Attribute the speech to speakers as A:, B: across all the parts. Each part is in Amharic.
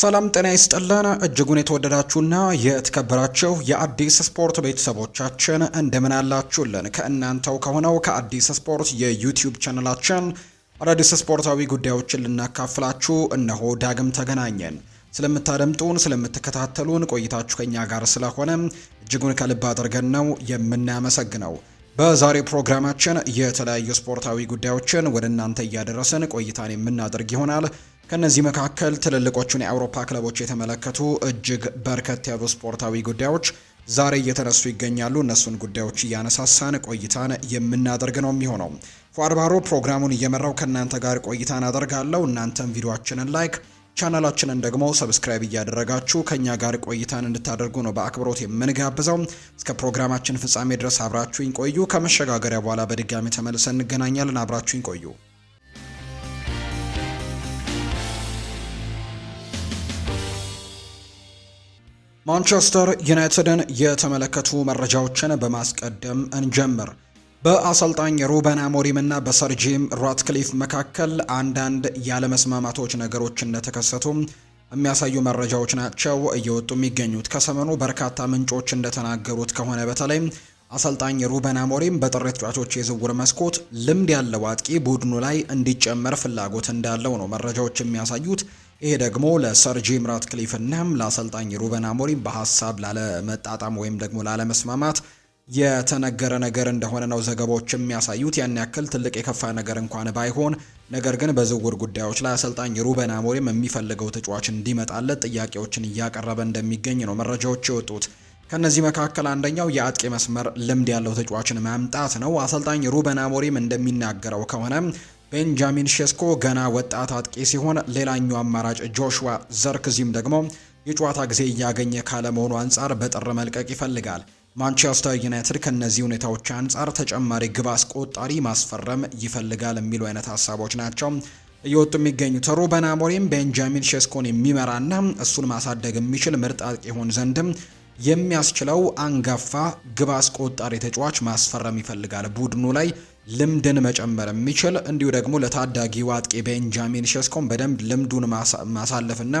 A: ሰላም ጤና ይስጥልን እጅጉን የተወደዳችሁና የተከበራችሁ የአዲስ ስፖርት ቤተሰቦቻችን እንደምን አላችሁልን? ከእናንተው ከሆነው ከአዲስ ስፖርት የዩቲዩብ ቻነላችን አዳዲስ ስፖርታዊ ጉዳዮችን ልናካፍላችሁ እነሆ ዳግም ተገናኘን። ስለምታደምጡን፣ ስለምትከታተሉን ቆይታችሁ ከኛ ጋር ስለሆነ እጅጉን ከልብ አድርገን ነው የምናመሰግነው። በዛሬው ፕሮግራማችን የተለያዩ ስፖርታዊ ጉዳዮችን ወደ እናንተ እያደረስን ቆይታን የምናደርግ ይሆናል። ከነዚህ መካከል ትልልቆቹን የአውሮፓ ክለቦች የተመለከቱ እጅግ በርከት ያሉ ስፖርታዊ ጉዳዮች ዛሬ እየተነሱ ይገኛሉ። እነሱን ጉዳዮች እያነሳሳን ቆይታን የምናደርግ ነው የሚሆነው። ፏርባሮ ፕሮግራሙን እየመራው ከእናንተ ጋር ቆይታን አደርጋለሁ። እናንተም ቪዲዮችንን ላይክ ቻናላችንን ደግሞ ሰብስክራይብ እያደረጋችሁ ከኛ ጋር ቆይታን እንድታደርጉ ነው በአክብሮት የምንጋብዘው። እስከ ፕሮግራማችን ፍጻሜ ድረስ አብራችሁኝ ቆዩ። ከመሸጋገሪያ በኋላ በድጋሚ ተመልሰን እንገናኛለን። አብራችሁኝ ቆዩ። ማንቸስተር ዩናይትድን የተመለከቱ መረጃዎችን በማስቀደም እንጀምር። በአሰልጣኝ ሩበን አሞሪምና በሰር ጂም ራትክሊፍ መካከል አንዳንድ ያለመስማማቶች ነገሮች እንደተከሰቱ የሚያሳዩ መረጃዎች ናቸው እየወጡ የሚገኙት። ከሰሞኑ በርካታ ምንጮች እንደተናገሩት ከሆነ በተለይ አሰልጣኝ ሩበን አሞሪም በጥር ተጫዋቾች የዝውውር መስኮት ልምድ ያለው አጥቂ ቡድኑ ላይ እንዲጨመር ፍላጎት እንዳለው ነው መረጃዎች የሚያሳዩት። ይሄ ደግሞ ለሰር ጂም ራትክሊፍ ለአሰልጣኝ ሩበን አሞሪም በሀሳብ ላለመጣጣም ወይም ደግሞ ላለመስማማት የተነገረ ነገር እንደሆነ ነው ዘገባዎች የሚያሳዩት። ያን ያክል ትልቅ የከፋ ነገር እንኳን ባይሆን፣ ነገር ግን በዝውውር ጉዳዮች ላይ አሰልጣኝ ሩበን አሞሪም የሚፈልገው ተጫዋች እንዲመጣለት ጥያቄዎችን እያቀረበ እንደሚገኝ ነው መረጃዎች የወጡት። ከነዚህ መካከል አንደኛው የአጥቂ መስመር ልምድ ያለው ተጫዋችን ማምጣት ነው። አሰልጣኝ ሩበን አሞሪም እንደሚናገረው ከሆነ ቤንጃሚን ሼስኮ ገና ወጣት አጥቂ ሲሆን ሌላኛው አማራጭ ጆሹዋ ዘርክዚም ደግሞ የጨዋታ ጊዜ እያገኘ ካለመሆኑ አንጻር በጥር መልቀቅ ይፈልጋል። ማንቸስተር ዩናይትድ ከእነዚህ ሁኔታዎች አንጻር ተጨማሪ ግብ አስቆጣሪ ማስፈረም ይፈልጋል የሚሉ አይነት ሀሳቦች ናቸው እየወጡ የሚገኙት። ሩበን አሞሪም ቤንጃሚን ሼስኮን የሚመራና እሱን ማሳደግ የሚችል ምርጥ አጥቂ ይሆን ዘንድም የሚያስችለው አንጋፋ ግብ አስቆጣሪ ተጫዋች ማስፈረም ይፈልጋል ቡድኑ ላይ ልምድን መጨመር የሚችል እንዲሁ ደግሞ ለታዳጊው አጥቂ ቤንጃሚን ሸስኮን በደንብ ልምዱን ማሳለፍና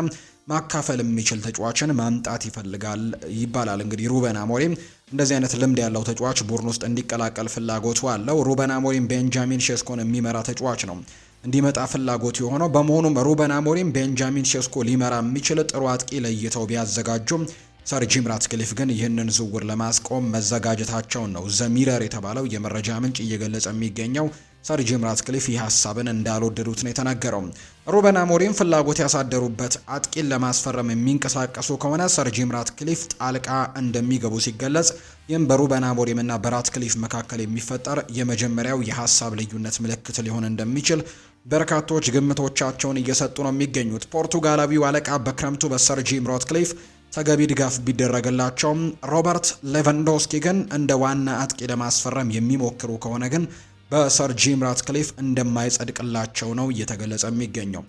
A: ማካፈል የሚችል ተጫዋችን ማምጣት ይፈልጋል ይባላል። እንግዲህ ሩበን አሞሪም እንደዚህ አይነት ልምድ ያለው ተጫዋች ቡድን ውስጥ እንዲቀላቀል ፍላጎቱ አለው። ሩበን አሞሪም ቤንጃሚን ሸስኮን የሚመራ ተጫዋች ነው እንዲመጣ ፍላጎት የሆነው በመሆኑም ሩበን አሞሪም ቤንጃሚን ሸስኮ ሊመራ የሚችል ጥሩ አጥቂ ለይተው ቢያዘጋጁም ሰር ጂም ራትክሊፍ ግን ይህንን ዝውውር ለማስቆም መዘጋጀታቸውን ነው ዘሚረር የተባለው የመረጃ ምንጭ እየገለጸ የሚገኘው። ሰር ጂም ራትክሊፍ ይህ ሀሳብን እንዳልወደዱት ነው የተናገረው። ሩበን አሞሪም ፍላጎት ያሳደሩበት አጥቂን ለማስፈረም የሚንቀሳቀሱ ከሆነ ሰር ጂም ራትክሊፍ ጣልቃ እንደሚገቡ ሲገለጽ፣ ይህም በሩበን አሞሪምና በራትክሊፍ መካከል የሚፈጠር የመጀመሪያው የሀሳብ ልዩነት ምልክት ሊሆን እንደሚችል በርካቶች ግምቶቻቸውን እየሰጡ ነው የሚገኙት። ፖርቱጋላዊው አለቃ በክረምቱ በሰር ጂም ራትክሊፍ ተገቢ ድጋፍ ቢደረግላቸውም ሮበርት ሌቫንዶስኪ ግን እንደ ዋና አጥቂ ለማስፈረም የሚሞክሩ ከሆነ ግን በሰር ጂም ራትክሊፍ እንደማይጸድቅላቸው ነው እየተገለጸ የሚገኘው።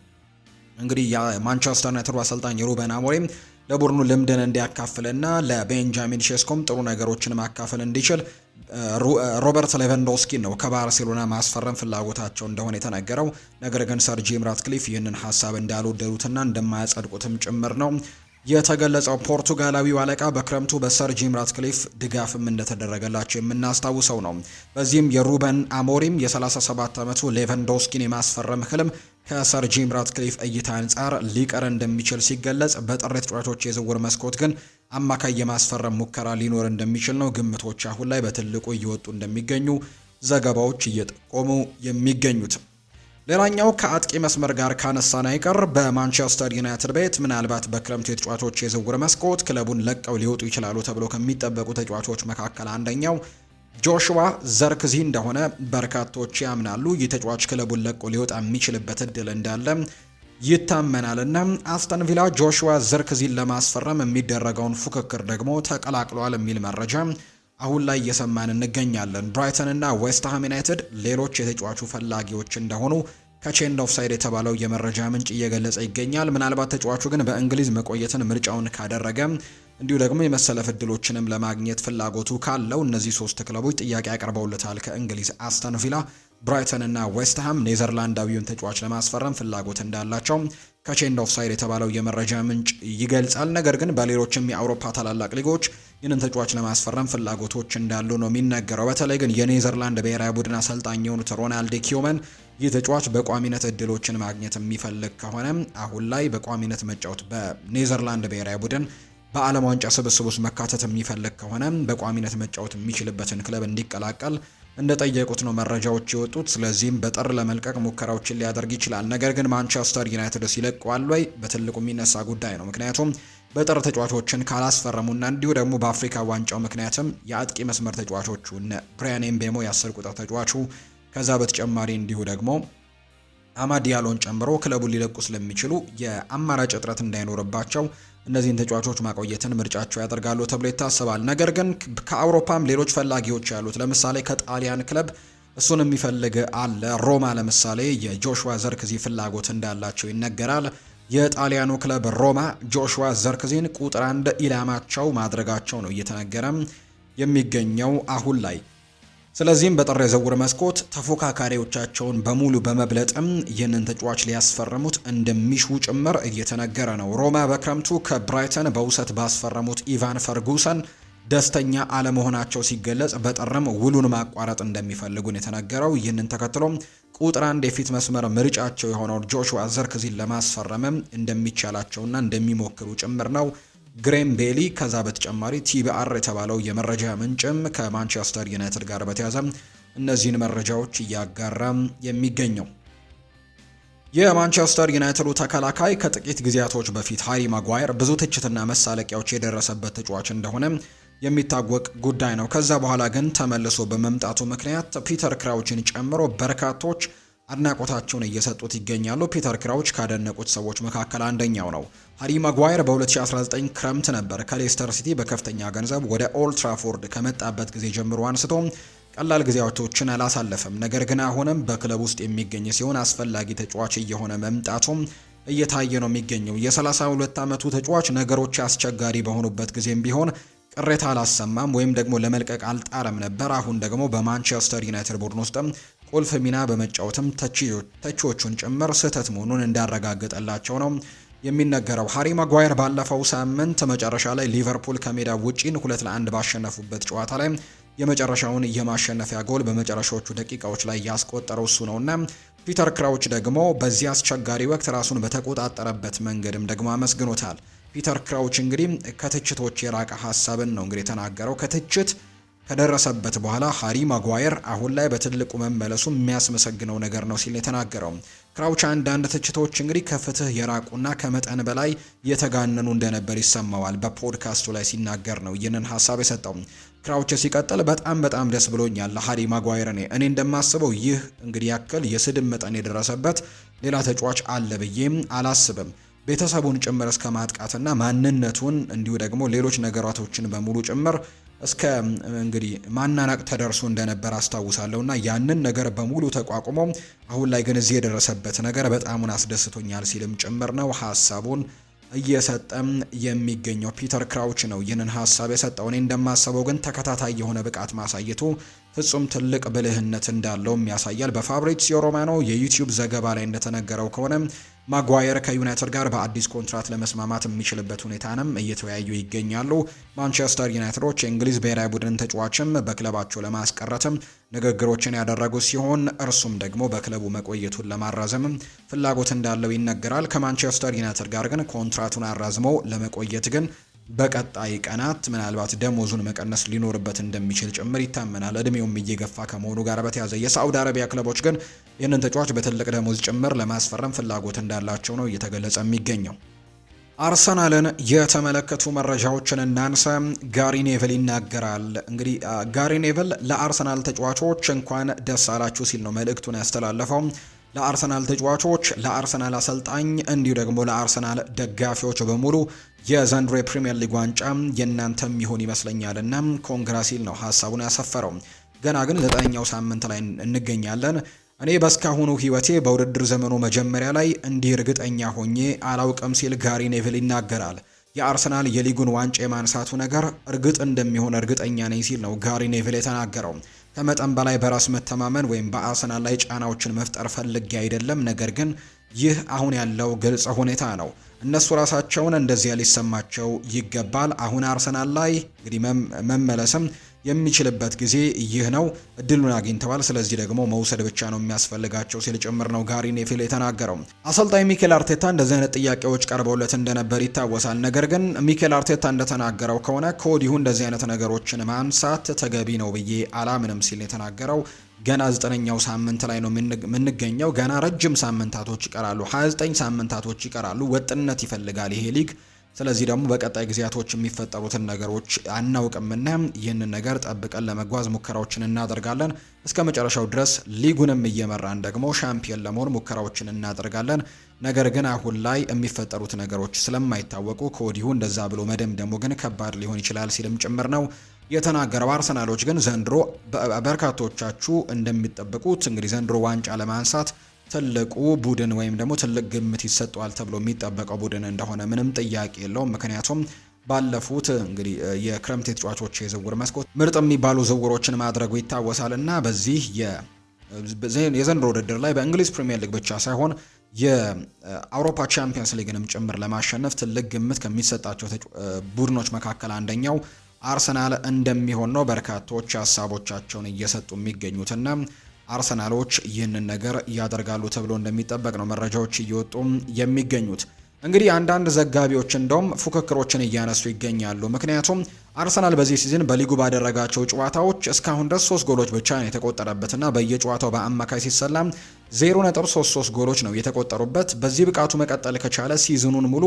A: እንግዲህ የማንቸስተር ዩናይትድ አሰልጣኝ ሩበን አሞሪም ለቡድኑ ልምድን እንዲያካፍልና ለቤንጃሚን ሼስኮም ጥሩ ነገሮችን ማካፈል እንዲችል ሮበርት ሌቫንዶስኪ ነው ከባርሴሎና ማስፈረም ፍላጎታቸው እንደሆነ የተነገረው። ነገር ግን ሰር ጂም ራትክሊፍ ይህንን ሀሳብ እንዳልወደዱትና እንደማያጸድቁትም ጭምር ነው የተገለጸው ፖርቱጋላዊው አለቃ በክረምቱ በሰር ጂም ራትክሊፍ ድጋፍም እንደተደረገላቸው የምናስታውሰው ነው። በዚህም የሩበን አሞሪም የ37 ዓመቱ ሌቫንዶስኪን የማስፈረም ህልም ከሰር ጂም ራትክሊፍ እይታ አንጻር ሊቀር እንደሚችል ሲገለጽ፣ በጥር ተጫዋቾች የዝውውር መስኮት ግን አማካይ የማስፈረም ሙከራ ሊኖር እንደሚችል ነው ግምቶች አሁን ላይ በትልቁ እየወጡ እንደሚገኙ ዘገባዎች እየጠቆሙ የሚገኙት። ሌላኛው ከአጥቂ መስመር ጋር ካነሳን አይቀር በማንቸስተር ዩናይትድ ቤት ምናልባት በክረምቱ የተጫዋቾች የዝውውር መስኮት ክለቡን ለቀው ሊወጡ ይችላሉ ተብሎ ከሚጠበቁ ተጫዋቾች መካከል አንደኛው ጆሹዋ ዘርክዚ እንደሆነ በርካቶች ያምናሉ። ይህ ተጫዋች ክለቡን ለቆ ሊወጣ የሚችልበት እድል እንዳለ ይታመናልና አስተን ቪላ ጆሹዋ ዘርክዚን ለማስፈረም የሚደረገውን ፉክክር ደግሞ ተቀላቅሏል የሚል መረጃ አሁን ላይ እየሰማን እንገኛለን። ብራይተን እና ዌስትሃም ዩናይትድ ሌሎች የተጫዋቹ ፈላጊዎች እንደሆኑ ከቼንድ ኦፍ ሳይድ የተባለው የመረጃ ምንጭ እየገለጸ ይገኛል። ምናልባት ተጫዋቹ ግን በእንግሊዝ መቆየትን ምርጫውን ካደረገ እንዲሁ ደግሞ የመሰለፍ እድሎችንም ለማግኘት ፍላጎቱ ካለው እነዚህ ሶስት ክለቦች ጥያቄ አቅርበውለታል። ከእንግሊዝ አስተን ቪላ፣ ብራይተን እና ዌስትሃም ኔዘርላንዳዊውን ተጫዋች ለማስፈረም ፍላጎት እንዳላቸው ከቼንድ ኦፍ ሳይድ የተባለው የመረጃ ምንጭ ይገልጻል። ነገር ግን በሌሎችም የአውሮፓ ታላላቅ ሊጎች ይህንን ተጫዋች ለማስፈረም ፍላጎቶች እንዳሉ ነው የሚነገረው። በተለይ ግን የኔዘርላንድ ብሔራዊ ቡድን አሰልጣኝ የሆኑት ሮናልድ ኪውመን ይህ ተጫዋች በቋሚነት እድሎችን ማግኘት የሚፈልግ ከሆነ አሁን ላይ በቋሚነት መጫወት በኔዘርላንድ ብሔራዊ ቡድን በዓለም ዋንጫ ስብስብ ውስጥ መካተት የሚፈልግ ከሆነ በቋሚነት መጫወት የሚችልበትን ክለብ እንዲቀላቀል እንደጠየቁት ነው መረጃዎች የወጡት። ስለዚህም በጥር ለመልቀቅ ሙከራዎችን ሊያደርግ ይችላል። ነገር ግን ማንቸስተር ዩናይትድ ሲለቀዋል ወይ በትልቁ የሚነሳ ጉዳይ ነው። ምክንያቱም በጥር ተጫዋቾችን ካላስፈረሙና እንዲሁ ደግሞ በአፍሪካ ዋንጫው ምክንያትም የአጥቂ መስመር ተጫዋቾቹ እነ ብሪያን ኤምቤሞ የአስር ቁጥር ተጫዋቹ ከዛ በተጨማሪ እንዲሁ ደግሞ አማድ ጨምሮ ክለቡን ሊለቁ ስለሚችሉ የአማራጭ እጥረት እንዳይኖርባቸው እነዚህን ተጫዋቾች ማቆየትን ምርጫቸው ያደርጋሉ ተብሎ ይታሰባል። ነገር ግን ከአውሮፓም ሌሎች ፈላጊዎች ያሉት ለምሳሌ ከጣሊያን ክለብ እሱን የሚፈልግ አለ። ሮማ ለምሳሌ የጆሹዋ ዘርክዚ ፍላጎት እንዳላቸው ይነገራል። የጣሊያኑ ክለብ ሮማ ጆሹዋ ዘርክዚን ቁጥር አንድ ኢላማቸው ማድረጋቸው ነው እየተነገረም የሚገኘው አሁን ላይ ስለዚህም በጥር የዝውውር መስኮት ተፎካካሪዎቻቸውን በሙሉ በመብለጥም ይህንን ተጫዋች ሊያስፈርሙት እንደሚሹ ጭምር እየተነገረ ነው። ሮማ በክረምቱ ከብራይተን በውሰት ባስፈረሙት ኢቫን ፈርጉሰን ደስተኛ አለመሆናቸው ሲገለጽ በጥርም ውሉን ማቋረጥ እንደሚፈልጉን የተነገረው ይህንን ተከትሎም ቁጥር አንድ የፊት መስመር ምርጫቸው የሆነው ጆሹዋ ዘርክዚን ለማስፈረምም እንደሚቻላቸውና እንደሚሞክሩ ጭምር ነው ግሬም ቤሊ ከዛ በተጨማሪ ቲቢአር የተባለው የመረጃ ምንጭም ከማንቸስተር ዩናይትድ ጋር በተያዘ እነዚህን መረጃዎች እያጋራ የሚገኘው የማንቸስተር ዩናይትዱ ተከላካይ ከጥቂት ጊዜያቶች በፊት ሃሪ ማጓየር ብዙ ትችትና መሳለቂያዎች የደረሰበት ተጫዋች እንደሆነ የሚታወቅ ጉዳይ ነው። ከዛ በኋላ ግን ተመልሶ በመምጣቱ ምክንያት ፒተር ክራውችን ጨምሮ በርካቶች አድናቆታቸውን እየሰጡት ይገኛሉ። ፒተር ክራውች ካደነቁት ሰዎች መካከል አንደኛው ነው። ሃሪ ማጓየር በ2019 ክረምት ነበር ከሌስተር ሲቲ በከፍተኛ ገንዘብ ወደ ኦልትራፎርድ ከመጣበት ጊዜ ጀምሮ አንስቶ ቀላል ጊዜያቶችን አላሳለፈም። ነገር ግን አሁንም በክለብ ውስጥ የሚገኝ ሲሆን አስፈላጊ ተጫዋች እየሆነ መምጣቱም እየታየ ነው የሚገኘው። የ32 ዓመቱ ተጫዋች ነገሮች አስቸጋሪ በሆኑበት ጊዜም ቢሆን ቅሬታ አላሰማም ወይም ደግሞ ለመልቀቅ አልጣረም ነበር። አሁን ደግሞ በማንቸስተር ዩናይትድ ቡድን ውስጥም ቁልፍ ሚና በመጫወትም ተቺዎቹን ጭምር ስህተት መሆኑን እንዳረጋገጠላቸው ነው የሚነገረው። ሃሪ ማጓየር ባለፈው ሳምንት መጨረሻ ላይ ሊቨርፑል ከሜዳ ውጪን ሁለት ለአንድ ባሸነፉበት ጨዋታ ላይ የመጨረሻውን የማሸነፊያ ጎል በመጨረሻዎቹ ደቂቃዎች ላይ ያስቆጠረው እሱ ነውና ፒተር ክራውች ደግሞ በዚህ አስቸጋሪ ወቅት ራሱን በተቆጣጠረበት መንገድም ደግሞ አመስግኖታል። ፒተር ክራውች እንግዲህ ከትችቶች የራቀ ሀሳብን ነው እንግዲህ የተናገረው ከትችት ከደረሰበት በኋላ ሃሪ ማጓየር አሁን ላይ በትልቁ መመለሱ የሚያስመሰግነው ነገር ነው ሲል የተናገረው ክራውች አንዳንድ ትችቶች እንግዲህ ከፍትህ የራቁና ከመጠን በላይ የተጋነኑ እንደነበር ይሰማዋል በፖድካስቱ ላይ ሲናገር ነው ይህንን ሀሳብ የሰጠው። ክራውች ሲቀጥል በጣም በጣም ደስ ብሎኛል ለሃሪ ማጓየር እኔ እኔ እንደማስበው ይህ እንግዲህ ያክል የስድብ መጠን የደረሰበት ሌላ ተጫዋች አለ ብዬም አላስብም ቤተሰቡን ጭምር እስከ ማጥቃትና ማንነቱን እንዲሁ ደግሞ ሌሎች ነገራቶችን በሙሉ ጭምር እስከ እንግዲህ ማናናቅ ተደርሶ እንደነበር አስታውሳለሁ እና ያንን ነገር በሙሉ ተቋቁሞ አሁን ላይ ግን እዚህ የደረሰበት ነገር በጣሙን አስደስቶኛል ሲልም ጭምር ነው ሀሳቡን እየሰጠም የሚገኘው ፒተር ክራውች ነው ይህንን ሀሳብ የሰጠው። እኔ እንደማስበው ግን ተከታታይ የሆነ ብቃት ማሳየቱ ፍጹም ትልቅ ብልህነት እንዳለውም ያሳያል። በፋብሪዚዮ ሮማኖ የዩቲዩብ ዘገባ ላይ እንደተነገረው ከሆነ ማጓየር ከዩናይትድ ጋር በአዲስ ኮንትራት ለመስማማት የሚችልበት ሁኔታንም እየተወያዩ ይገኛሉ። ማንቸስተር ዩናይትዶች የእንግሊዝ ብሔራዊ ቡድን ተጫዋችም በክለባቸው ለማስቀረትም ንግግሮችን ያደረጉ ሲሆን እርሱም ደግሞ በክለቡ መቆየቱን ለማራዘም ፍላጎት እንዳለው ይነገራል። ከማንቸስተር ዩናይትድ ጋር ግን ኮንትራቱን አራዝመው ለመቆየት ግን በቀጣይ ቀናት ምናልባት ደሞዙን መቀነስ ሊኖርበት እንደሚችል ጭምር ይታመናል። እድሜውም እየገፋ ከመሆኑ ጋር በተያያዘ የሳዑዲ አረቢያ ክለቦች ግን ይህንን ተጫዋች በትልቅ ደሞዝ ጭምር ለማስፈረም ፍላጎት እንዳላቸው ነው እየተገለጸ የሚገኘው። አርሰናልን የተመለከቱ መረጃዎችን እናንሰ ጋሪ ኔቨል ይናገራል። እንግዲህ ጋሪ ኔቨል ለአርሰናል ተጫዋቾች እንኳን ደስ አላችሁ ሲል ነው መልእክቱን ያስተላለፈው። ለአርሰናል ተጫዋቾች፣ ለአርሰናል አሰልጣኝ፣ እንዲሁ ደግሞ ለአርሰናል ደጋፊዎች በሙሉ የዘንድሮ የፕሪምየር ሊግ ዋንጫ የእናንተ ይሆን ይመስለኛል ኮንግራ ሲል ነው ሀሳቡን ያሰፈረው። ገና ግን ዘጠነኛው ሳምንት ላይ እንገኛለን። እኔ በእስካሁኑ ህይወቴ በውድድር ዘመኑ መጀመሪያ ላይ እንዲህ እርግጠኛ ሆኜ አላውቅም ሲል ጋሪ ኔቪል ይናገራል። የአርሰናል የሊጉን ዋንጫ የማንሳቱ ነገር እርግጥ እንደሚሆን እርግጠኛ ነኝ ሲል ነው ጋሪ ኔቪል የተናገረው። ከመጠን በላይ በራስ መተማመን ወይም በአርሰናል ላይ ጫናዎችን መፍጠር ፈልጌ አይደለም፣ ነገር ግን ይህ አሁን ያለው ግልጽ ሁኔታ ነው። እነሱ ራሳቸውን እንደዚያ ሊሰማቸው ይገባል። አሁን አርሰናል ላይ እንግዲህ መመለስም የሚችልበት ጊዜ ይህ ነው። እድሉን አግኝተዋል። ስለዚህ ደግሞ መውሰድ ብቻ ነው የሚያስፈልጋቸው ሲል ጭምር ነው ጋሪ ኔፊል የተናገረው። አሰልጣኝ ሚኬል አርቴታ እንደዚህ አይነት ጥያቄዎች ቀርበውለት እንደነበር ይታወሳል። ነገር ግን ሚኬል አርቴታ እንደተናገረው ከሆነ ከወዲሁ እንደዚህ አይነት ነገሮችን ማንሳት ተገቢ ነው ብዬ አላምንም ሲል የተናገረው ገና ዘጠነኛው ሳምንት ላይ ነው የምንገኘው። ገና ረጅም ሳምንታቶች ይቀራሉ። 29 ሳምንታቶች ይቀራሉ። ወጥነት ይፈልጋል ይሄ ሊግ ስለዚህ ደግሞ በቀጣይ ጊዜያቶች የሚፈጠሩትን ነገሮች አናውቅምና ይህንን ነገር ጠብቀን ለመጓዝ ሙከራዎችን እናደርጋለን። እስከ መጨረሻው ድረስ ሊጉንም እየመራን ደግሞ ሻምፒየን ለመሆን ሙከራዎችን እናደርጋለን። ነገር ግን አሁን ላይ የሚፈጠሩት ነገሮች ስለማይታወቁ ከወዲሁ እንደዛ ብሎ ደግሞ ግን ከባድ ሊሆን ይችላል ሲልም ጭምር ነው የተናገረው። አርሰናሎች ግን ዘንድሮ በርካቶቻችሁ እንደሚጠብቁት እንግዲህ ዘንድሮ ዋንጫ ለማንሳት ትልቁ ቡድን ወይም ደግሞ ትልቅ ግምት ይሰጠዋል ተብሎ የሚጠበቀው ቡድን እንደሆነ ምንም ጥያቄ የለውም። ምክንያቱም ባለፉት እንግዲህ የክረምት የተጫዋቾች የዝውውር መስኮት ምርጥ የሚባሉ ዝውውሮችን ማድረጉ ይታወሳል እና በዚህ የዘንድሮ ውድድር ላይ በእንግሊዝ ፕሪምየር ሊግ ብቻ ሳይሆን የአውሮፓ ቻምፒየንስ ሊግንም ጭምር ለማሸነፍ ትልቅ ግምት ከሚሰጣቸው ቡድኖች መካከል አንደኛው አርሰናል እንደሚሆን ነው በርካቶች ሀሳቦቻቸውን እየሰጡ የሚገኙትና አርሰናሎች ይህንን ነገር ያደርጋሉ ተብሎ እንደሚጠበቅ ነው መረጃዎች እየወጡ የሚገኙት። እንግዲህ አንዳንድ ዘጋቢዎች እንደውም ፉክክሮችን እያነሱ ይገኛሉ። ምክንያቱም አርሰናል በዚህ ሲዝን በሊጉ ባደረጋቸው ጨዋታዎች እስካሁን ድረስ ሶስት ጎሎች ብቻ ነው የተቆጠረበትና በየጨዋታው በአማካይ ሲሰላም 0.33 ጎሎች ነው የተቆጠሩበት። በዚህ ብቃቱ መቀጠል ከቻለ ሲዝኑን ሙሉ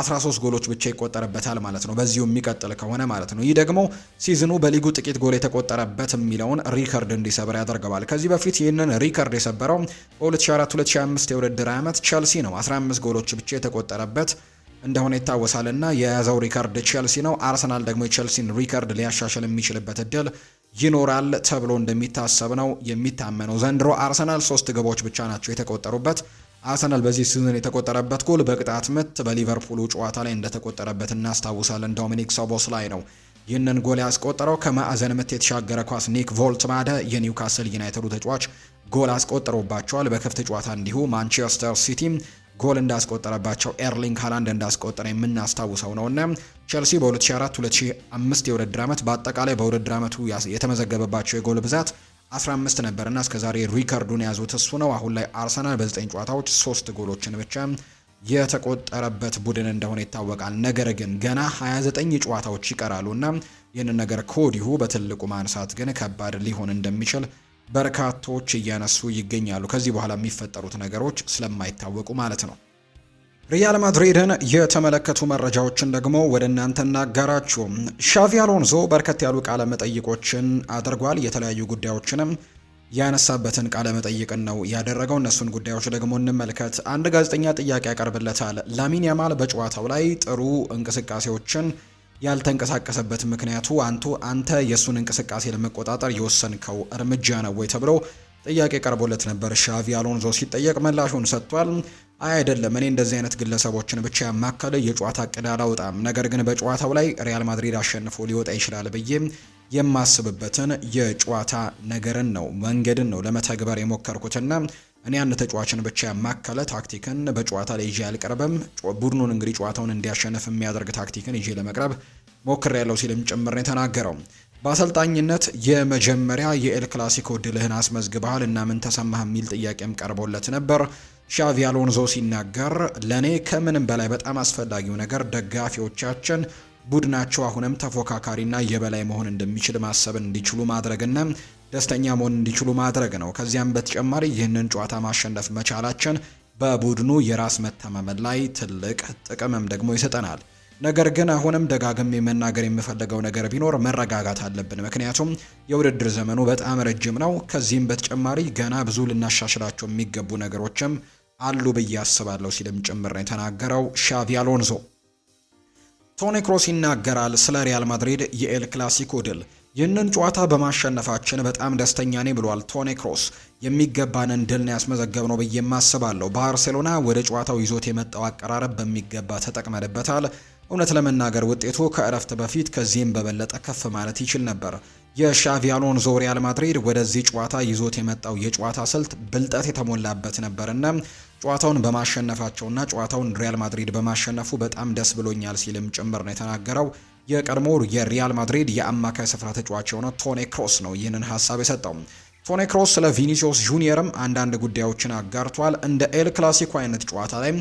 A: 13 ጎሎች ብቻ ይቆጠርበታል ማለት ነው፣ በዚሁ የሚቀጥል ከሆነ ማለት ነው። ይህ ደግሞ ሲዝኑ በሊጉ ጥቂት ጎል የተቆጠረበት የሚለውን ሪከርድ እንዲሰብር ያደርገዋል። ከዚህ በፊት ይህንን ሪከርድ የሰበረው በ2004/2005 የውድድር ዓመት ቸልሲ ነው 15 ጎሎች ብቻ የተቆጠረበት እንደሆነ ይታወሳልና የያዘው ሪከርድ ቼልሲ ነው። አርሰናል ደግሞ የቼልሲን ሪከርድ ሊያሻሽል የሚችልበት እድል ይኖራል ተብሎ እንደሚታሰብ ነው የሚታመነው። ዘንድሮ አርሰናል ሶስት ግቦች ብቻ ናቸው የተቆጠሩበት። አርሰናል በዚህ ሲዝን የተቆጠረበት ጎል በቅጣት ምት በሊቨርፑሉ ጨዋታ ላይ እንደተቆጠረበት እናስታውሳለን። ዶሚኒክ ሶቦስ ላይ ነው ይህንን ጎል ያስቆጠረው። ከማዕዘን ምት የተሻገረ ኳስ ኒክ ቮልት ማደ የኒውካስል ዩናይትዱ ተጫዋች ጎል አስቆጥሮባቸዋል። በክፍት ጨዋታ እንዲሁ ማንቸስተር ሲቲም ጎል እንዳስቆጠረባቸው ኤርሊንግ ሃላንድ እንዳስቆጠረ የምናስታውሰው እና ቸልሲ በ2004 2005 የውድድር ዓመት በአጠቃላይ በውድድር ዓመቱ የተመዘገበባቸው የጎል ብዛት 15 ነበርና እስከዛሬ ሪከርዱን የያዙት እሱ ነው። አሁን ላይ አርሰናል በ9 ጨዋታዎች 3 ጎሎችን ብቻ የተቆጠረበት ቡድን እንደሆነ ይታወቃል። ነገር ግን ገና 29 ጨዋታዎች ይቀራሉ እና ይህንን ነገር ከወዲሁ በትልቁ ማንሳት ግን ከባድ ሊሆን እንደሚችል በርካቶች እያነሱ ይገኛሉ። ከዚህ በኋላ የሚፈጠሩት ነገሮች ስለማይታወቁ ማለት ነው። ሪያል ማድሪድን የተመለከቱ መረጃዎችን ደግሞ ወደ እናንተ እናጋራችሁ። ሻቪ አሎንዞ በርከት ያሉ ቃለ መጠይቆችን አድርጓል። የተለያዩ ጉዳዮችንም ያነሳበትን ቃለ መጠይቅን ነው ያደረገው። እነሱን ጉዳዮች ደግሞ እንመልከት። አንድ ጋዜጠኛ ጥያቄ ያቀርብለታል። ላሚን ያማል በጨዋታው ላይ ጥሩ እንቅስቃሴዎችን ያልተንቀሳቀሰበት ምክንያቱ አንቱ አንተ የእሱን እንቅስቃሴ ለመቆጣጠር የወሰንከው እርምጃ ነው ወይ ተብሎ ጥያቄ ቀርቦለት ነበር። ሻቪ አሎንዞ ሲጠየቅ ምላሹን ሰጥቷል። አይ አይደለም፣ እኔ እንደዚህ አይነት ግለሰቦችን ብቻ ያማከለ የጨዋታ እቅድ አላውጣም። ነገር ግን በጨዋታው ላይ ሪያል ማድሪድ አሸንፎ ሊወጣ ይችላል ብዬ የማስብበትን የጨዋታ ነገርን ነው መንገድን ነው ለመተግበር የሞከርኩትና እኔ አንድ ተጫዋችን ብቻ ያማከለ ታክቲክን በጨዋታ ላይ ይዤ አልቀርብም። ቡድኑን እንግዲህ ጨዋታውን እንዲያሸንፍ የሚያደርግ ታክቲክን ይዤ ለመቅረብ ሞክር ያለው ሲልም ጭምር ነው የተናገረው። በአሰልጣኝነት የመጀመሪያ የኤል ክላሲኮ ድልህን አስመዝግበሃል እና ምን ተሰማህ የሚል ጥያቄም ቀርቦለት ነበር። ሻቪ አሎንዞ ሲናገር ለእኔ ከምንም በላይ በጣም አስፈላጊው ነገር ደጋፊዎቻችን ቡድናቸው አሁንም ተፎካካሪና የበላይ መሆን እንደሚችል ማሰብን እንዲችሉ ማድረግና ደስተኛ መሆን እንዲችሉ ማድረግ ነው። ከዚያም በተጨማሪ ይህንን ጨዋታ ማሸነፍ መቻላችን በቡድኑ የራስ መተማመን ላይ ትልቅ ጥቅምም ደግሞ ይሰጠናል። ነገር ግን አሁንም ደጋግሜ መናገር የምፈልገው ነገር ቢኖር መረጋጋት አለብን፣ ምክንያቱም የውድድር ዘመኑ በጣም ረጅም ነው። ከዚህም በተጨማሪ ገና ብዙ ልናሻሽላቸው የሚገቡ ነገሮችም አሉ ብዬ አስባለሁ ሲልም ጭምር ነው የተናገረው ሻቪ አሎንዞ። ቶኒ ክሮስ ይናገራል ስለ ሪያል ማድሪድ የኤል ክላሲኮ ድል ይህንን ጨዋታ በማሸነፋችን በጣም ደስተኛ ነኝ ብሏል ቶኒ ክሮስ። የሚገባንን ድል ነው ያስመዘገብነው ብዬ ማስባለሁ። ባርሴሎና ወደ ጨዋታው ይዞት የመጣው አቀራረብ በሚገባ ተጠቅመንበታል። እውነት ለመናገር ውጤቱ ከእረፍት በፊት ከዚህም በበለጠ ከፍ ማለት ይችል ነበር። የሻቪ አሎንዞ ሪያል ማድሪድ ወደዚህ ጨዋታ ይዞት የመጣው የጨዋታ ስልት ብልጠት የተሞላበት ነበርና ጨዋታውን በማሸነፋቸውና ጨዋታውን ሪያል ማድሪድ በማሸነፉ በጣም ደስ ብሎኛል ሲልም ጭምር ነው የተናገረው። የቀድሞ የሪያል ማድሪድ የአማካይ ስፍራ ተጫዋች የሆነ ቶኔ ክሮስ ነው ይህንን ሀሳብ የሰጠው። ቶኒ ክሮስ ስለ ቪኒሲዮስ ጁኒየርም አንዳንድ ጉዳዮችን አጋርቷል። እንደ ኤል ክላሲኮ አይነት ጨዋታ ላይ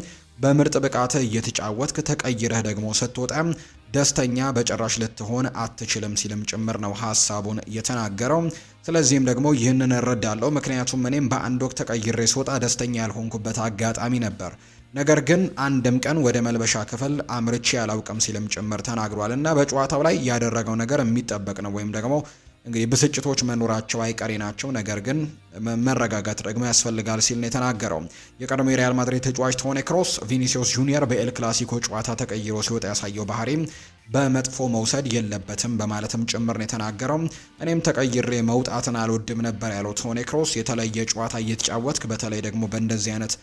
A: በምርጥ ብቃት እየተጫወትክ ተቀይረህ ደግሞ ስትወጣ ደስተኛ በጭራሽ ልትሆን አትችልም ሲልም ጭምር ነው ሀሳቡን የተናገረው። ስለዚህም ደግሞ ይህንን እረዳለሁ፣ ምክንያቱም እኔም በአንድ ወቅት ተቀይሬ ስወጣ ደስተኛ ያልሆንኩበት አጋጣሚ ነበር። ነገር ግን አንድም ቀን ወደ መልበሻ ክፍል አምርቼ አላውቅም ሲልም ጭምር ተናግሯል። እና በጨዋታው ላይ ያደረገው ነገር የሚጠበቅ ነው ወይም ደግሞ እንግዲህ ብስጭቶች መኖራቸው አይቀሬ ናቸው፣ ነገር ግን መረጋጋት ደግሞ ያስፈልጋል ሲል ነው የተናገረው። የቀድሞ የሪያል ማድሪድ ተጫዋች ቶኒ ክሮስ ቪኒሲዮስ ጁኒየር በኤል ክላሲኮ ጨዋታ ተቀይሮ ሲወጣ ያሳየው ባህሪ በመጥፎ መውሰድ የለበትም በማለትም ጭምር ነው የተናገረው። እኔም ተቀይሬ መውጣትን አልወድም ነበር ያለው ቶኒ ክሮስ የተለየ ጨዋታ እየተጫወትክ በተለይ ደግሞ በእንደዚህ አይነት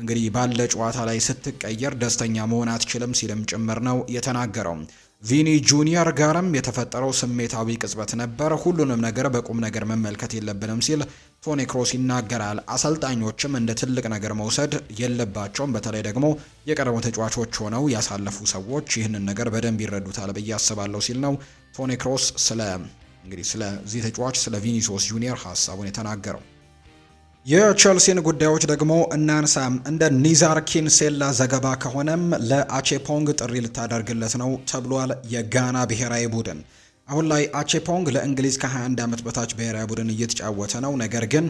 A: እንግዲህ ባለ ጨዋታ ላይ ስትቀየር ደስተኛ መሆን አትችልም ሲልም ጭምር ነው የተናገረው። ቪኒ ጁኒየር ጋርም የተፈጠረው ስሜታዊ ቅጽበት ነበር። ሁሉንም ነገር በቁም ነገር መመልከት የለብንም ሲል ቶኒ ክሮስ ይናገራል። አሰልጣኞችም እንደ ትልቅ ነገር መውሰድ የለባቸውም። በተለይ ደግሞ የቀድሞ ተጫዋቾች ሆነው ያሳለፉ ሰዎች ይህንን ነገር በደንብ ይረዱታል ብዬ አስባለሁ ሲል ነው ቶኒ ክሮስ ስለ እንግዲህ ስለዚህ ተጫዋች ስለ ቪኒሶስ ጁኒየር ሀሳቡን የተናገረው። የቸልሲን ጉዳዮች ደግሞ እናንሳ። እንደ ኒዛር ኪንሴላ ዘገባ ከሆነም ለአቼፖንግ ጥሪ ልታደርግለት ነው ተብሏል። የጋና ብሔራዊ ቡድን አሁን ላይ አቼፖንግ ለእንግሊዝ ከ21 ዓመት በታች ብሔራዊ ቡድን እየተጫወተ ነው። ነገር ግን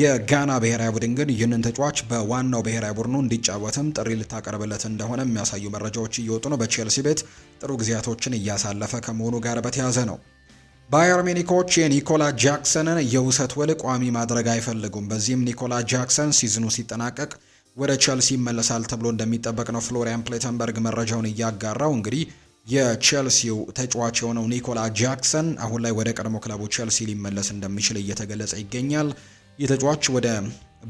A: የጋና ብሔራዊ ቡድን ግን ይህንን ተጫዋች በዋናው ብሔራዊ ቡድኑ እንዲጫወትም ጥሪ ልታቀርብለት እንደሆነ የሚያሳዩ መረጃዎች እየወጡ ነው። በቼልሲ ቤት ጥሩ ጊዜያቶችን እያሳለፈ ከመሆኑ ጋር በተያያዘ ነው ባየር ሚኒኮች የኒኮላ ጃክሰንን የውሰት ውል ቋሚ ማድረግ አይፈልጉም። በዚህም ኒኮላ ጃክሰን ሲዝኑ ሲጠናቀቅ ወደ ቸልሲ ይመለሳል ተብሎ እንደሚጠበቅ ነው ፍሎሪያን ፕሌተንበርግ መረጃውን እያጋራው። እንግዲህ የቸልሲው ተጫዋች የሆነው ኒኮላ ጃክሰን አሁን ላይ ወደ ቀድሞ ክለቡ ቸልሲ ሊመለስ እንደሚችል እየተገለጸ ይገኛል። ይህ ተጫዋች ወደ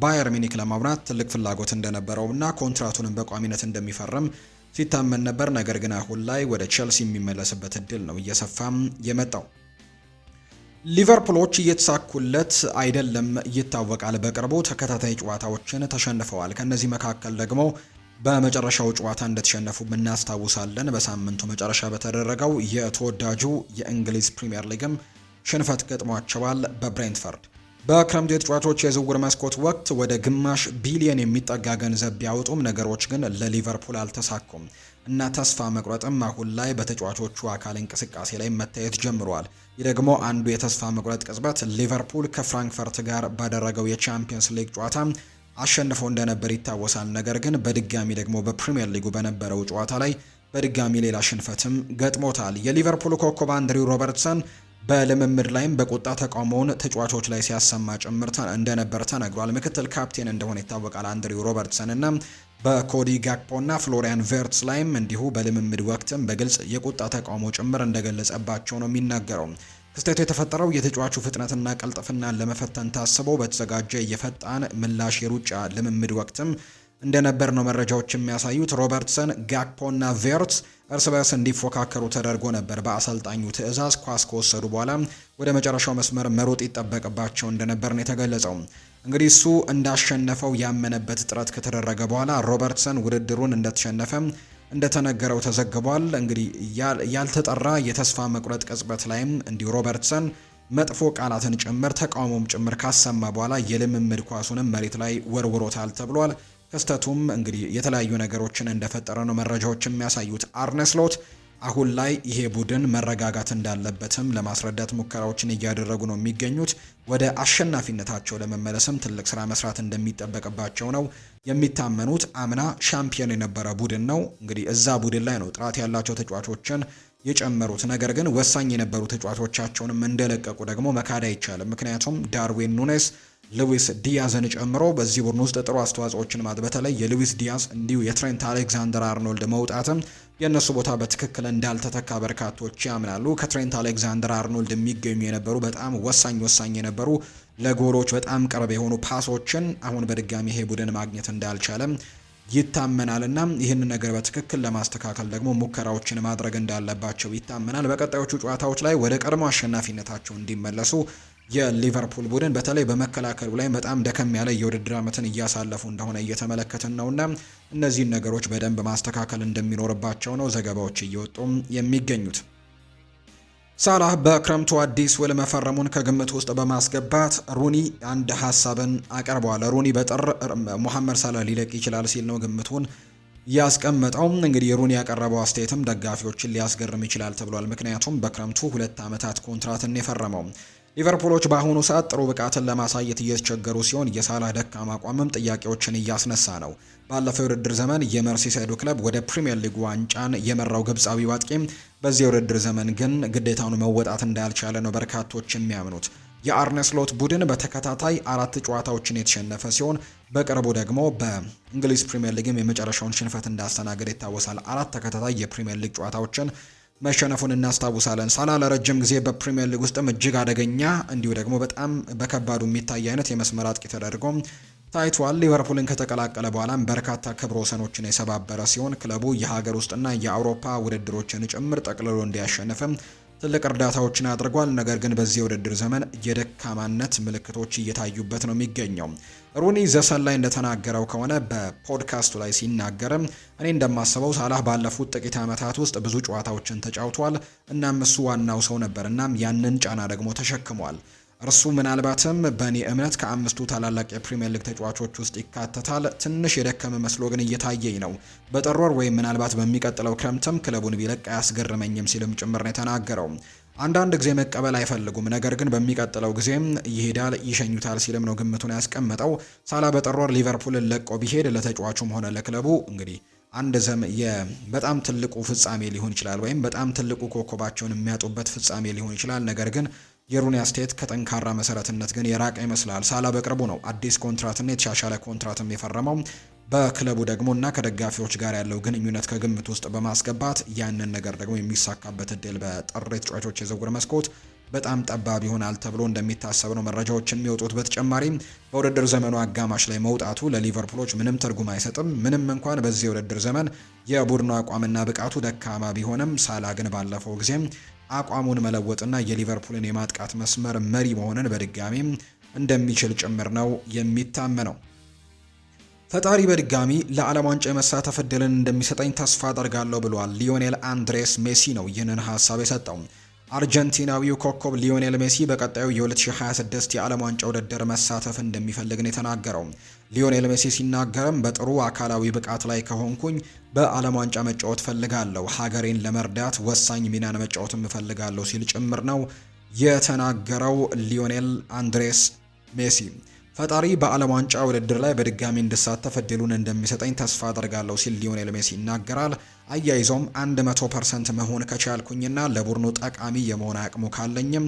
A: ባየር ሚኒክ ለማምራት ትልቅ ፍላጎት እንደነበረውና ኮንትራቱንም በቋሚነት እንደሚፈርም ሲታመን ነበር። ነገር ግን አሁን ላይ ወደ ቸልሲ የሚመለስበት እድል ነው እየሰፋም የመጣው። ሊቨርፑሎች እየተሳኩለት አይደለም ይታወቃል። በቅርቡ ተከታታይ ጨዋታዎችን ተሸንፈዋል። ከእነዚህ መካከል ደግሞ በመጨረሻው ጨዋታ እንደተሸነፉ እናስታውሳለን። በሳምንቱ መጨረሻ በተደረገው የተወዳጁ የእንግሊዝ ፕሪምየር ሊግም ሽንፈት ገጥሟቸዋል በብሬንትፈርድ። በክረምቱ የተጫዋቾች የዝውውር መስኮት ወቅት ወደ ግማሽ ቢሊየን የሚጠጋ ገንዘብ ቢያወጡም ነገሮች ግን ለሊቨርፑል አልተሳኩም እና ተስፋ መቁረጥም አሁን ላይ በተጫዋቾቹ አካል እንቅስቃሴ ላይ መታየት ጀምሯል። ይህ ደግሞ አንዱ የተስፋ መቁረጥ ቅጽበት ሊቨርፑል ከፍራንክፈርት ጋር ባደረገው የቻምፒየንስ ሊግ ጨዋታ አሸንፎ እንደነበር ይታወሳል። ነገር ግን በድጋሚ ደግሞ በፕሪምየር ሊጉ በነበረው ጨዋታ ላይ በድጋሚ ሌላ ሽንፈትም ገጥሞታል። የሊቨርፑል ኮከብ አንድሪው ሮበርትሰን በልምምድ ላይም በቁጣ ተቃውሞውን ተጫዋቾች ላይ ሲያሰማ ጭምር እንደነበር ተነግሯል። ምክትል ካፕቴን እንደሆነ ይታወቃል። አንድሪው ሮበርትሰን እና በኮዲ ጋክፖና ፍሎሪያን ቬርትስ ላይም እንዲሁ በልምምድ ወቅትም በግልጽ የቁጣ ተቃውሞ ጭምር እንደገለጸባቸው ነው የሚናገረው። ክስተቱ የተፈጠረው የተጫዋቹ ፍጥነትና ቀልጥፍናን ለመፈተን ታስቦ በተዘጋጀ የፈጣን ምላሽ የሩጫ ልምምድ ወቅትም እንደነበር ነው መረጃዎች የሚያሳዩት። ሮበርትሰን፣ ጋክፖና ቬርትስ እርስ በርስ እንዲፎካከሩ ተደርጎ ነበር። በአሰልጣኙ ትዕዛዝ ኳስ ከወሰዱ በኋላ ወደ መጨረሻው መስመር መሮጥ ይጠበቅባቸው እንደነበር ነው የተገለጸው። እንግዲህ እሱ እንዳሸነፈው ያመነበት ጥረት ከተደረገ በኋላ ሮበርትሰን ውድድሩን እንደተሸነፈ እንደተነገረው ተዘግቧል። እንግዲህ ያልተጠራ የተስፋ መቁረጥ ቅጽበት ላይም እንዲሁ ሮበርትሰን መጥፎ ቃላትን ጭምር ተቃውሞም ጭምር ካሰማ በኋላ የልምምድ ኳሱንም መሬት ላይ ወርውሮታል ተብሏል። ክስተቱም እንግዲህ የተለያዩ ነገሮችን እንደፈጠረ ነው መረጃዎች የሚያሳዩት። አርነስሎት አሁን ላይ ይሄ ቡድን መረጋጋት እንዳለበትም ለማስረዳት ሙከራዎችን እያደረጉ ነው የሚገኙት። ወደ አሸናፊነታቸው ለመመለስም ትልቅ ስራ መስራት እንደሚጠበቅባቸው ነው የሚታመኑት። አምና ሻምፒዮን የነበረ ቡድን ነው። እንግዲህ እዛ ቡድን ላይ ነው ጥራት ያላቸው ተጫዋቾችን የጨመሩት። ነገር ግን ወሳኝ የነበሩ ተጫዋቾቻቸውንም እንደለቀቁ ደግሞ መካድ አይቻልም። ምክንያቱም ዳርዊን ኑኔስ ሉዊስ ዲያዝን ጨምሮ በዚህ ቡድን ውስጥ ጥሩ አስተዋጽኦችን ማድ በተለይ የሉዊስ ዲያዝ እንዲሁ የትሬንት አሌክዛንደር አርኖልድ መውጣትም የእነሱ ቦታ በትክክል እንዳልተተካ በርካቶች ያምናሉ። ከትሬንት አሌክዛንደር አርኖልድ የሚገኙ የነበሩ በጣም ወሳኝ ወሳኝ የነበሩ ለጎሎች በጣም ቅርብ የሆኑ ፓሶችን አሁን በድጋሚ ይሄ ቡድን ማግኘት እንዳልቻለም ይታመናል እና ይህን ነገር በትክክል ለማስተካከል ደግሞ ሙከራዎችን ማድረግ እንዳለባቸው ይታመናል። በቀጣዮቹ ጨዋታዎች ላይ ወደ ቀድሞ አሸናፊነታቸው እንዲመለሱ የሊቨርፑል ቡድን በተለይ በመከላከሉ ላይ በጣም ደከም ያለ የውድድር ዓመትን እያሳለፉ እንደሆነ እየተመለከትን ነውና እነዚህን ነገሮች በደንብ ማስተካከል እንደሚኖርባቸው ነው ዘገባዎች እየወጡ የሚገኙት። ሳላህ በክረምቱ አዲስ ውል መፈረሙን ከግምት ውስጥ በማስገባት ሩኒ አንድ ሀሳብን አቀርበዋል። ሩኒ በጥር ሙሐመድ ሳላህ ሊለቅ ይችላል ሲል ነው ግምቱን ያስቀመጠው። እንግዲህ ሩኒ ያቀረበው አስተያየትም ደጋፊዎችን ሊያስገርም ይችላል ተብሏል። ምክንያቱም በክረምቱ ሁለት ዓመታት ኮንትራትን የፈረመው ሊቨርፑሎች በአሁኑ ሰዓት ጥሩ ብቃትን ለማሳየት እየተቸገሩ ሲሆን የሳላህ ደካማ አቋምም ጥያቄዎችን እያስነሳ ነው። ባለፈው የውድድር ዘመን የመርሲሳይዱ ክለብ ወደ ፕሪምየር ሊግ ዋንጫን የመራው ግብፃዊ አጥቂም በዚህ የውድድር ዘመን ግን ግዴታውን መወጣት እንዳልቻለ ነው በርካቶች የሚያምኑት። የአርነ ስሎት ቡድን በተከታታይ አራት ጨዋታዎችን የተሸነፈ ሲሆን በቅርቡ ደግሞ በእንግሊዝ ፕሪምየር ሊግም የመጨረሻውን ሽንፈት እንዳስተናገደ ይታወሳል። አራት ተከታታይ የፕሪምየር ሊግ ጨዋታዎችን መሸነፉን እናስታውሳለን። ሳላ ለረጅም ጊዜ በፕሪምየር ሊግ ውስጥም እጅግ አደገኛ እንዲሁ ደግሞ በጣም በከባዱ የሚታይ አይነት የመስመር አጥቂ ተደርጎ ታይቷል። ሊቨርፑልን ከተቀላቀለ በኋላም በርካታ ክብረ ወሰኖችን የሰባበረ ሲሆን ክለቡ የሀገር ውስጥና የአውሮፓ ውድድሮችን ጭምር ጠቅልሎ እንዲያሸንፍም ትልቅ እርዳታዎችን አድርጓል። ነገር ግን በዚህ የውድድር ዘመን የደካማነት ምልክቶች እየታዩበት ነው የሚገኘው። ሩኒ ዘሰን ላይ እንደተናገረው ከሆነ በፖድካስቱ ላይ ሲናገርም እኔ እንደማስበው ሳላህ ባለፉት ጥቂት ዓመታት ውስጥ ብዙ ጨዋታዎችን ተጫውቷል። እናም እሱ ዋናው ሰው ነበር። እናም ያንን ጫና ደግሞ ተሸክሟል። እርሱ ምናልባትም በእኔ እምነት ከአምስቱ ታላላቅ የፕሪምየር ሊግ ተጫዋቾች ውስጥ ይካተታል። ትንሽ የደከመ መስሎ ግን እየታየኝ ነው። በጥር ወር ወይም ምናልባት በሚቀጥለው ክረምትም ክለቡን ቢለቅ አያስገርመኝም ሲልም ጭምር ነው የተናገረው። አንዳንድ ጊዜ መቀበል አይፈልጉም፣ ነገር ግን በሚቀጥለው ጊዜም ይሄዳል፣ ይሸኙታል ሲልም ነው ግምቱን ያስቀመጠው። ሳላ በጥር ወር ሊቨርፑልን ለቆ ቢሄድ ለተጫዋቹም ሆነ ለክለቡ እንግዲህ አንድ ዘም የበጣም ትልቁ ፍጻሜ ሊሆን ይችላል፣ ወይም በጣም ትልቁ ኮከባቸውን የሚያጡበት ፍጻሜ ሊሆን ይችላል። ነገር ግን የሩኒ አስተያየት ከጠንካራ መሰረትነት ግን የራቀ ይመስላል። ሳላ በቅርቡ ነው አዲስ ኮንትራትና የተሻሻለ ኮንትራትም የፈረመው። በክለቡ ደግሞ እና ከደጋፊዎች ጋር ያለው ግንኙነት ከግምት ውስጥ በማስገባት ያንን ነገር ደግሞ የሚሳካበት እድል በጥር ተጫዋቾች የዝውውር መስኮት በጣም ጠባብ ይሆናል ተብሎ እንደሚታሰብ ነው መረጃዎች የሚወጡት። በተጨማሪም በውድድር ዘመኑ አጋማሽ ላይ መውጣቱ ለሊቨርፑሎች ምንም ትርጉም አይሰጥም። ምንም እንኳን በዚህ የውድድር ዘመን የቡድኑ አቋምና ብቃቱ ደካማ ቢሆንም ሳላ ግን ባለፈው ጊዜም አቋሙን መለወጥና የሊቨርፑልን የማጥቃት መስመር መሪ መሆንን በድጋሚም እንደሚችል ጭምር ነው የሚታመነው። ፈጣሪ በድጋሚ ለዓለም ዋንጫ የመሳተፍ እድልን እንደሚሰጠኝ ተስፋ አደርጋለሁ ብሏል። ሊዮኔል አንድሬስ ሜሲ ነው ይህንን ሀሳብ የሰጠው። አርጀንቲናዊው ኮከብ ሊዮኔል ሜሲ በቀጣዩ የ2026 የዓለም ዋንጫ ውድድር መሳተፍ እንደሚፈልግ ነው የተናገረው። ሊዮኔል ሜሲ ሲናገርም በጥሩ አካላዊ ብቃት ላይ ከሆንኩኝ በዓለም ዋንጫ መጫወት ፈልጋለሁ፣ ሀገሬን ለመርዳት ወሳኝ ሚናን መጫወትም እፈልጋለሁ ሲል ጭምር ነው የተናገረው ሊዮኔል አንድሬስ ሜሲ ፈጣሪ በዓለም ዋንጫ ውድድር ላይ በድጋሚ እንድሳተፍ እድሉን እንደሚሰጠኝ ተስፋ አደርጋለሁ ሲል ሊዮኔል ሜሲ ይናገራል። አያይዞም 100 ፐርሰንት መሆን ከቻልኩኝና ለቡድኑ ጠቃሚ የመሆን አቅሙ ካለኝም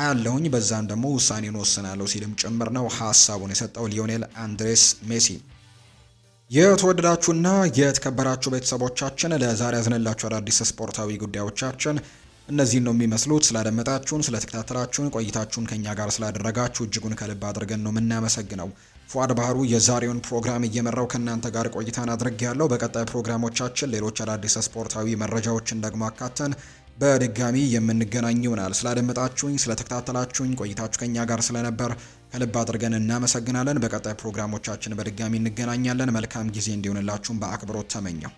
A: አያለሁኝ በዛን ደግሞ ውሳኔን ወስናለሁ ሲልም ጭምር ነው ሀሳቡን የሰጠው ሊዮኔል አንድሬስ ሜሲ። የተወደዳችሁና የተከበራችሁ ቤተሰቦቻችን ለዛሬ ያዝነላችሁ አዳዲስ ስፖርታዊ ጉዳዮቻችን እነዚህን ነው የሚመስሉት። ስላደመጣችሁን፣ ስለተከታተላችሁን፣ ቆይታችሁን ከኛ ጋር ስላደረጋችሁ እጅጉን ከልብ አድርገን ነው የምናመሰግነው። ፏድ ባህሩ የዛሬውን ፕሮግራም እየመራው ከእናንተ ጋር ቆይታን አድርግ ያለው። በቀጣይ ፕሮግራሞቻችን ሌሎች አዳዲስ ስፖርታዊ መረጃዎችን ደግሞ አካተን በድጋሚ የምንገናኝ ይሆናል። ስላደመጣችሁኝ፣ ስለተከታተላችሁኝ ቆይታችሁ ከኛ ጋር ስለነበር ከልብ አድርገን እናመሰግናለን። በቀጣይ ፕሮግራሞቻችን በድጋሚ እንገናኛለን። መልካም ጊዜ እንዲሆንላችሁም በአክብሮት ተመኘው።